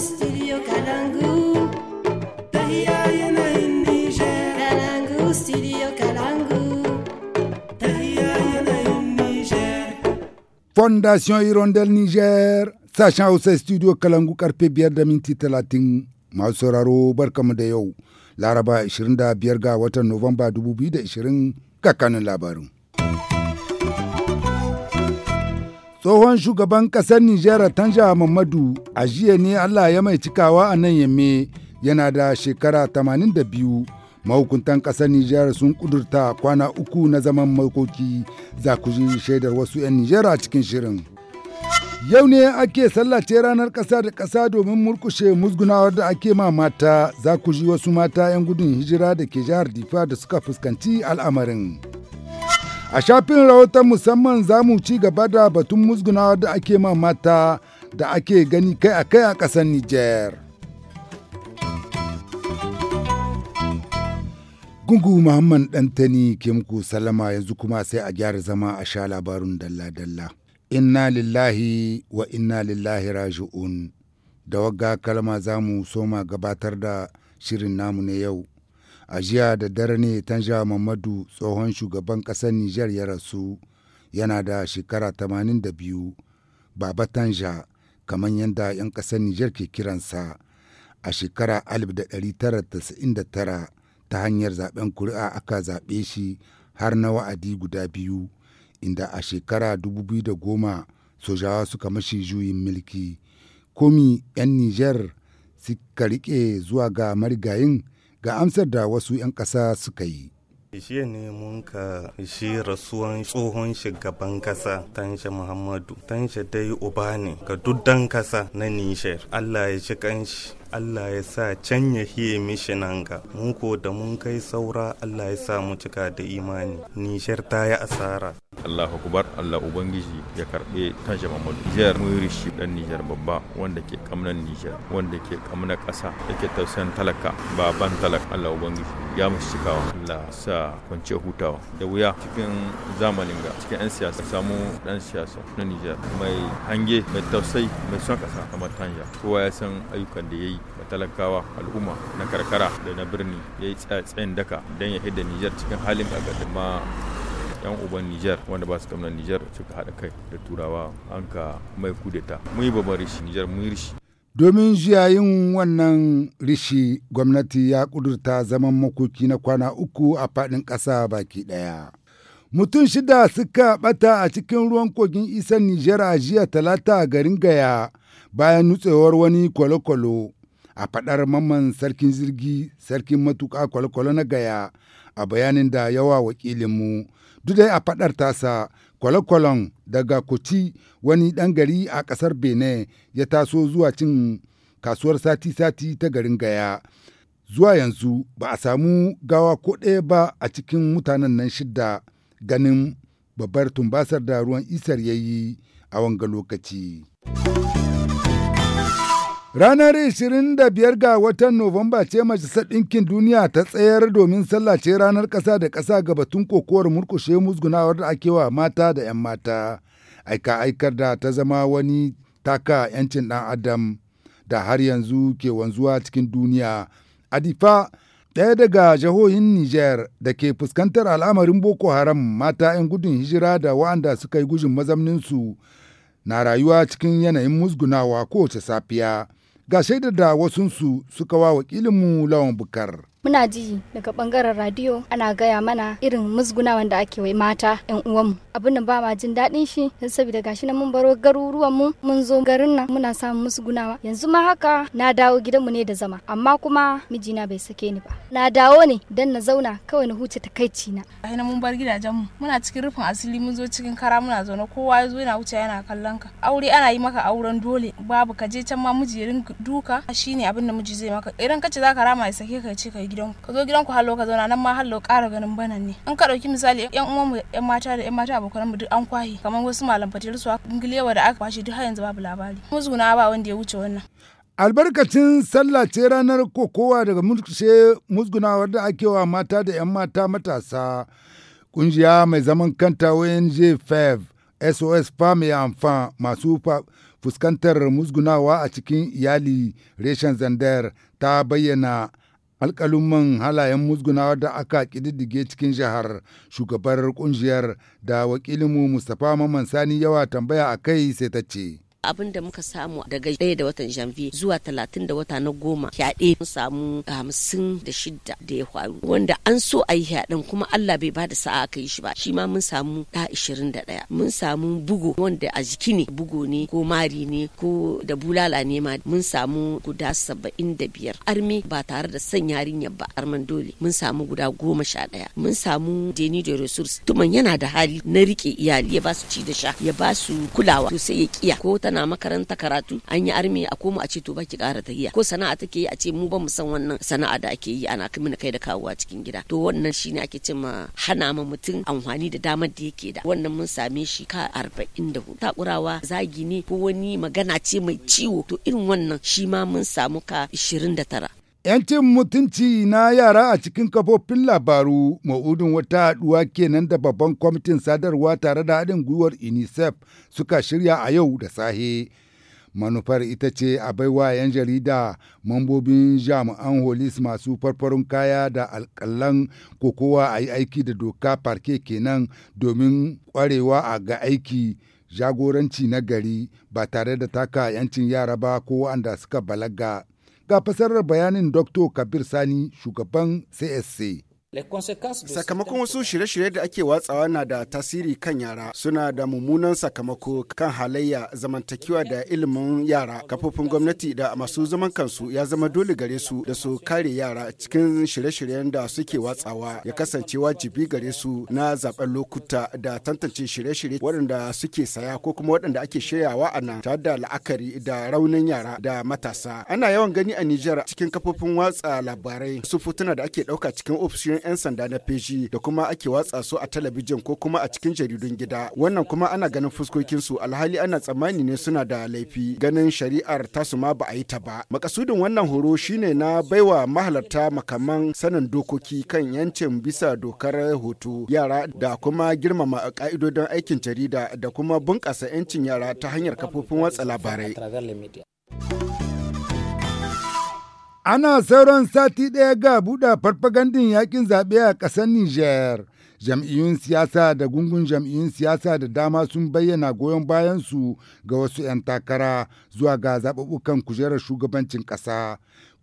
studio Kalangu. Tahiya yanayin niger Kalangu studio Kalangu. Tahiya yanayin niger. Fondation Hirondelle niger Sashen Hausa studio Kalangu karfe biyar da latin talatin. Masu sauraro barkamu da yau. Laraba 25 ga watan Nuwamba 2020 kakanin labarin. tsohon shugaban ƙasar Nijar Tanja Mamadu a jiya ne Allah ya mai cikawa a nan yamme yana da shekara 82 mahukuntan ƙasar Nijar sun ƙudurta kwana uku na zaman makoki za ku ji shaidar wasu 'yan Nijar a cikin shirin. Yau ne ake sallace ranar ƙasa da ƙasa domin murkushe musgunawar da ake ma mata za ku ji wasu mata 'yan gudun hijira da ke jihar Difa da suka fuskanci al'amarin. A shafin rahoton musamman za mu ci gaba da batun musgunawa da ake ma mata da ake gani kai a kai a ƙasar Nijar. Gungu Muhammad Dantani ke muku salama yanzu kuma sai a gyara zama a sha labarun dalla-dalla. Inna lillahi wa inna lillahi raju'un! Da wagga kalma za mu soma gabatar da shirin namu na yau. a jiya da dare ne tanja mamadu tsohon shugaban ƙasar nijar ya rasu yana da shekara 82 baba tanja kamar yadda 'yan ƙasar nijar ke kiransa a shekara 1999 ta hanyar zaben kuri'a aka zaɓe shi har na wa'adi guda biyu inda a shekara 2010 sojawa suka mashi juyin mulki komi 'yan nijar suka riƙe zuwa ga marigayin ga amsar da wasu 'yan ƙasa suka yi. Jiya ne mun ka shi rasuwan tsohon shugaban kasa Tanshe Muhammadu. Tanshe dai uba ne ga duddan kasa na Nishar. Allah ya ci kanshi. Allah ya sa can ya hiye mishi nan ga mun ko da mun kai saura Allah ya sa mu cika da imani nishar ta yi asara Allahu kubar Allah ubangiji ya karbe kanshi Muhammadu jihar Murishi dan Nijar babba wanda ke kamnan Nijar wanda ke kamna ƙasa yake tausayin talaka baban talaka Allah ubangiji ya musu cikawa Allah sa kwance hutawa da wuya cikin zamanin ga cikin 'yan siyasa samu ɗan siyasa na Nijar mai hange mai tausayi mai son ƙasa kamar Tanja kowa ya san ayyukan da ya yi da talakawa al'umma na karkara da na birni ya yi tsayin daka don ya hidda nijar cikin halin ƙaƙa ma yan uban Nijar wanda ba su kamna Nijar suka hada kai da turawa an ka mai kudeta mun yi babban rishi Nijar mun yi rishi. Domin yin wannan rishi gwamnati ya kudurta zaman makoki na kwana uku a faɗin ƙasa baki ɗaya. Mutum shida suka ɓata a cikin ruwan kogin isan Nijar a jiya talata garin Gaya bayan nutsewar wani kwalokwalo a faɗar mamman sarkin zirgi sarkin matuƙa kwalkwalo na gaya a bayanin da yawa wakilinmu duk dai a faɗar tasa kwalkwalon daga kuci wani ɗan gari a ƙasar bene ya taso zuwa cin kasuwar sati-sati ta garin gaya zuwa yanzu ba a samu gawa ko ɗaya ba a cikin mutanen nan shidda ganin babbar tumbasar da ruwan isar ya yi a wanga lokaci. Ranar 25 ga watan Nuwamba ce Majalisar Ɗinkin Duniya ta tsayar domin sallace ranar ƙasa da ƙasa ga batun kokowar murkushe musgunawar da ake wa mata da 'yan mata. Aika aikar da ta zama wani taka 'yancin ɗan adam da har yanzu ke wanzuwa cikin duniya. Adifa ɗaya daga jihohin Nijar da ke fuskantar al'amarin Boko Haram mata 'yan gudun hijira da wa'anda suka yi gujin mazamninsu na rayuwa cikin yanayin musgunawa kowace safiya. Ga shaidar da wasunsu suka wa wakilinmu Lawan Bukar. muna ji daga bangaren radiyo ana gaya mana irin musgunawan da ake wai mata yan uwanmu abin da ba ma jin daɗin shi don saboda gashi na mun baro garuruwan mu mun zo garin nan muna samun musgunawa yanzu ma haka na dawo gidanmu ne da zama amma kuma mijina bai sake ni ba na dawo ne dan na zauna kawai na huce takaici na ainihin mun bar mu muna cikin rufin asili mun zo cikin kara muna zaune kowa ya zo yana wuce yana kallon ka aure ana yi maka auren dole babu ka je can ma miji ya duka shine abin da miji zai maka idan kace zaka rama ya sake ka ce kai gidanku ka zo gidanku hallo ka zauna nan ma hallo ƙara ganin banan ne an ka ɗauki misali yan mu yan mata da yan mata abokan mu duk an kwahi kamar wasu malam fatir su ingilewa da aka kwashi duk har yanzu babu labari zuna ba wanda ya wuce wannan albarkacin sallah ce ranar kokowa daga mulkushe musgunawar da ake wa mata da 'yan mata matasa kungiya mai zaman kanta ONG 5 e SOS Femme Amfan masu fuskantar musgunawa a cikin iyali reshen zandar ta bayyana man halayen musgunawa da aka ƙididdige cikin jihar shugabar ƙungiyar da wakilinmu mustapha mamman sani yawa tambaya a kai sai ta ce abin da muka samu daga ɗaya da watan janvier zuwa talatin da wata na goma fyaɗe mun samu hamsin da shidda da ya faru wanda an so a yi fyaɗen kuma allah bai ba da sa'a aka yi shi ba shi ma mun samu ɗa ishirin da ɗaya mun samu bugu wanda a jiki ne bugu ne ko mari ne ko da bulala ne ma mun samu guda saba'in da biyar Armi ba tare da san yarinyar ba arman dole mun samu guda goma sha ɗaya mun samu deni da resource tuman yana da hali na riƙe iyali ya ba su ci da sha ya ba su kulawa to sai ya kiya ko ta tana makaranta karatu an yi armi a koma a ce to baki kara tahiya ko sana'a take yi a ce mu ba mu san wannan sana'a da ake yi ana mini kai da kawowa cikin gida to wannan shine ake ce ma hana ma mutum amfani da damar da yake da wannan mun same shi ka arba'in da hudu takurawa zagi ne ko wani magana ce mai ciwo to irin wannan shi ma mun samu ka ishirin da tara 'Yancin mutunci na yara a cikin kafofin labaru ma'udin wata haɗuwa kenan da babban kwamitin sadarwa tare da haɗin gwiwar UNICEF suka shirya a yau da sahe. Manufar ita ce a baiwa 'yan jarida mambobin jami'an holis masu farfarin kaya da alƙalan kokowa a yi aiki da doka farke kenan domin kwarewa a ga aiki jagoranci na gari ba tare da taka 'yancin yara ba ko wanda suka balaga Ga fasarar bayanin Dr. Kabir Sani, shugaban CSC. Sakamakon wasu shirye-shirye da ake watsawa na da tasiri kan yara suna da mummunan sakamako kan halayya zamantakewa da ilimin yara kafofin gwamnati da masu zaman kansu ya zama dole gare su da su kare yara cikin shirye-shiryen da suke watsawa ya kasance wajibi gare su na zaben lokuta da tantance shirye-shirye waɗanda suke saya ko kuma waɗanda ake shiryawa a nan tare da la'akari da raunin yara da matasa. Ana yawan gani a Nijar cikin kafofin watsa labarai su fotuna da ake ɗauka cikin ofishin jami'an 'yan sanda na feshi da kuma ake watsa su a talabijin ko kuma a cikin jaridun gida wannan kuma ana ganin fuskokinsu alhali ana tsammani ne suna da laifi ganin shari'ar tasu ma ba a yi ta ba makasudin wannan horo shine na baiwa mahalarta makaman sanin dokoki kan yancin bisa dokar hoto yara da kuma girmama ka'idodin aikin jarida da kuma bunƙasa 'yancin yara ta hanyar kafofin watsa labarai Ana sauran sati ɗaya ga buɗe farfagandin yakin zaɓe a ƙasar Nijar. Jam'iyyun siyasa da gungun jam'iyyun siyasa da dama sun bayyana goyon bayansu ga wasu 'yan takara zuwa ga zaɓuɓɓukan kujerar shugabancin ƙasa.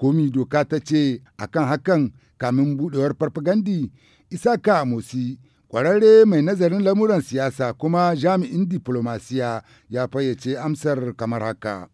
Komi doka ta ce a kan hakan kamin buɗewar farfagandi Isaka Amosi. Ƙwararre mai nazarin lamuran siyasa kuma jami'in diplomasiya ya fayyace amsar kamar haka.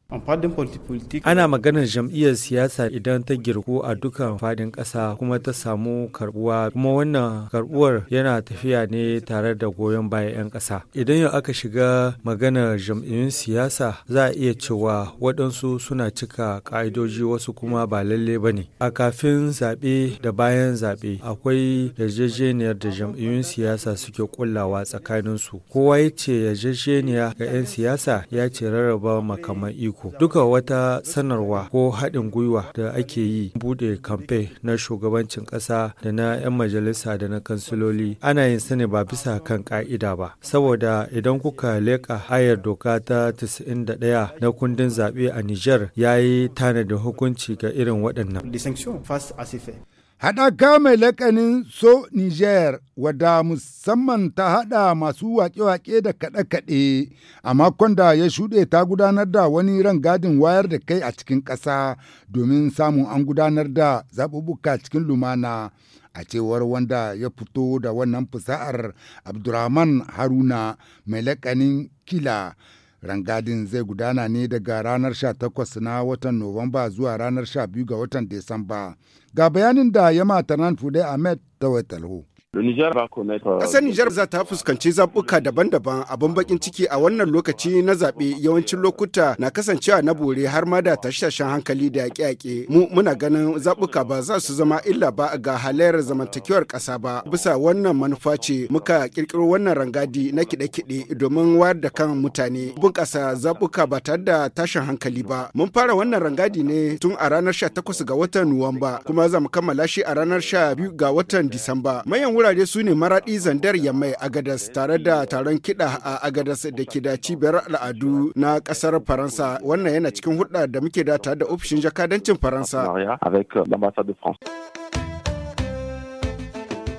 Ana maganar jam'iyyar siyasa idan ta girku a dukkan fadin ƙasa kuma ta samu karbuwa kuma wannan karbuwar yana tafiya ne tare da goyon bayan 'yan ƙasa. Idan yau aka shiga maganar jam'iyyun siyasa za a iya cewa waɗansu suna cika ƙa'idoji wasu kuma ba lalle ba ne. A kafin zaɓe da bayan zaɓe akwai yarjejeniyar da jam'iyyun siyasa suke kullawa tsakaninsu. Kowa ya ce yarjejeniya ga 'yan siyasa siyasa ya ce rarraba makaman iko. Duka wata sanarwa ko haɗin gwiwa da ake yi bude kamfe na shugabancin ƙasa da na 'yan majalisa da na kansiloli ana yin sani ba bisa kan ƙa'ida ba. Saboda idan kuka leƙa ayar doka ta 91 na kundin zaɓe a niger ya yi tanadin hukunci ga irin waɗannan. Haɗaka mai lakanin So Niger wada musamman ta haɗa masu waƙe-waƙe da kaɗe-kaɗe a makon da ya shuɗe ta gudanar da wani rangadin wayar da kai a cikin ƙasa domin samun an gudanar da zaɓuɓɓuka cikin lumana a cewar wanda ya fito da wannan fusa'ar Abdurrahman Haruna mai lakanin Kila. rangadin zai gudana ne daga ranar 18 na watan Nuwamba zuwa ranar 12 ga watan Desamba Ga bayanin da Yama Tanan Fude Ahmed ta talho. Nijar ba Ƙasar Nijar za ta fuskanci zaɓuka daban-daban abin bakin ciki a wannan lokaci na zaɓe yawancin lokuta na kasancewa na bore har ma da tashe-tashen hankali da yaƙe-yaƙe. Mu muna ganin zaɓuka ba za su zama illa ba ga halayyar zamantakewar ƙasa ba. Bisa wannan manufa ce muka ƙirƙiro wannan rangadi na kiɗe-kiɗe domin wayar da kan mutane. Bunƙasa zaɓuka ba tare da tashin hankali ba. Mun fara wannan rangadi ne tun a ranar 18 ga watan Nuwamba kuma za mu kammala shi a ranar sha biyu ga watan Disamba. Mayan wura. wurare su ne maradi zandar yamai agadas tare da taron kiɗa a agadas da ke da cibiyar al'adu na kasar faransa wannan yana cikin hulɗa da muke da tare da ofishin jakadancin faransa.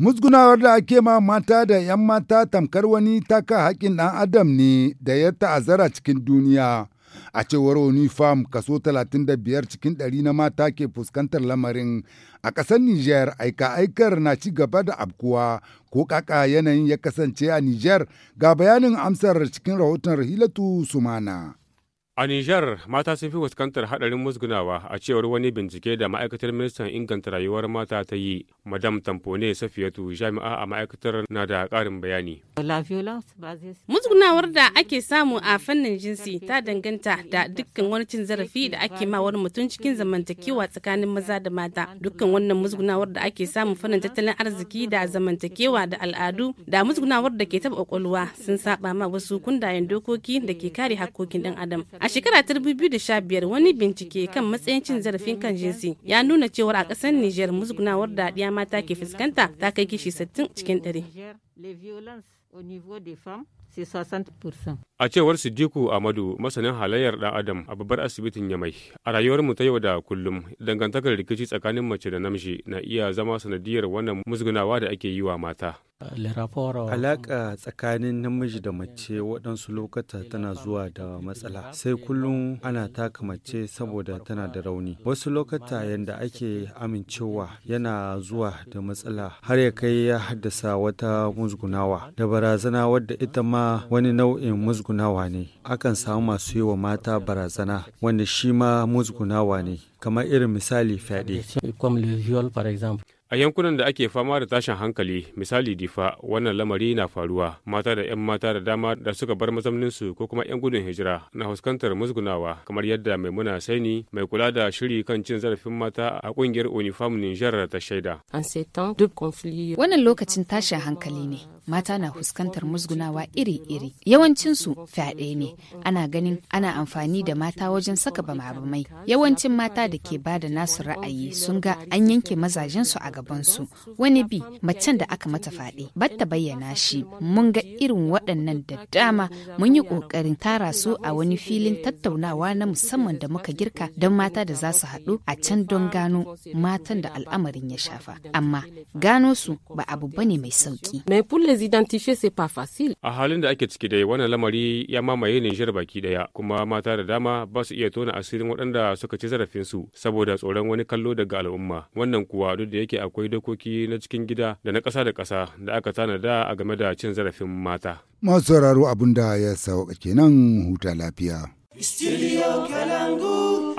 Musgunawar da ake ma mata da 'yan mata tamkar wani taka haƙƙin ɗan adam ne da ya ta'azzara cikin duniya. A cewar Unifam kaso 35 cikin ɗari na mata ke fuskantar lamarin a ƙasar Nijar aika-aikar na ci gaba da abkuwa ko ƙaƙa yanayin ya kasance a Nijar ga bayanin amsar cikin rahoton Rahilatu Sumana. A Nijar, mata sun fi fuskantar haɗarin musgunawa a cewar wani bincike da ma'aikatar ministan inganta rayuwar mata ta yi. Madam Tampone Safiyatu jami'a a ma'aikatar na da karin bayani. Musgunawar da ake samu a fannin jinsi ta danganta da dukkan wani cin zarafi da ake ma wani mutum cikin zamantakewa tsakanin maza da mata. Dukkan wannan musgunawar da ake samu fannin tattalin arziki da zamantakewa da al'adu da musgunawar da ke taɓa ƙwaƙwalwa sun saɓa ma wasu kundayen dokoki da ke kare hakkokin ɗan adam. A shekara ta 2015 wani bincike kan matsayin cin zarafin kan jinsi ya nuna cewar a ƙasar Nijar musgunawar da ɗiya mata ke fuskanta ta kai kishi 60 cikin 100. A cewar Sidiku Amadu, masanin halayyar ɗan Adam a babbar asibitin Yamai, a rayuwar mu ta yau da kullum, dangantakar rikici tsakanin mace da namiji na iya zama sanadiyar wannan musgunawa da ake yi wa mata. Euh, Alaƙa tsakanin namiji da mace waɗansu lokata tana zuwa da matsala sai kullum ana taka mace saboda tana da rauni. Wasu lokata yadda ake amincewa yana zuwa da matsala har ya kai ya haddasa wata musgunawa da barazana wadda ita ma wani nau'in musgunawa ne. Akan samu masu yi wa mata barazana wanda shi ma musgunawa ne kamar irin misali fyaɗe. A yankunan da ake fama da tashin hankali, misali difa, wannan lamari na faruwa. Mata da 'yan mata da dama da suka bar mazamninsu ko kuma 'yan gudun hijira na fuskantar musgunawa, kamar yadda mai muna Saini mai kula da shiri kan cin zarafin mata a kungiyar Unifam Niger ta shaida. Wannan lokacin tashin hankali ne. mata na fuskantar musgunawa iri-iri yawancinsu fyaɗe ne ana ganin ana amfani da mata wajen saka bamabamai yawancin mata da ke bada nasu ra'ayi sun ga an yanke mazajensu a gabansu wani bi macen da aka mata fyaɗe batta bayyana shi mun ga irin waɗannan da dama mun yi ƙoƙarin tara su a wani filin tattaunawa na musamman da muka girka don mata da za su haɗu a can don gano matan da al'amarin ya shafa amma gano su ba abu bane mai sauki les identifier c'est pas A halin da ake ciki dai wannan lamari ya mamaye Nijar baki daya kuma mata da dama ba su iya tona asirin waɗanda suka ci zarafin su saboda tsoron wani kallo daga al'umma. Wannan kuwa duk da yake akwai dokoki na cikin gida da na ƙasa da ƙasa da aka tana da a game da cin zarafin mata. Masu sauraro abin da ya sauka kenan huta lafiya. Studio Kalangu.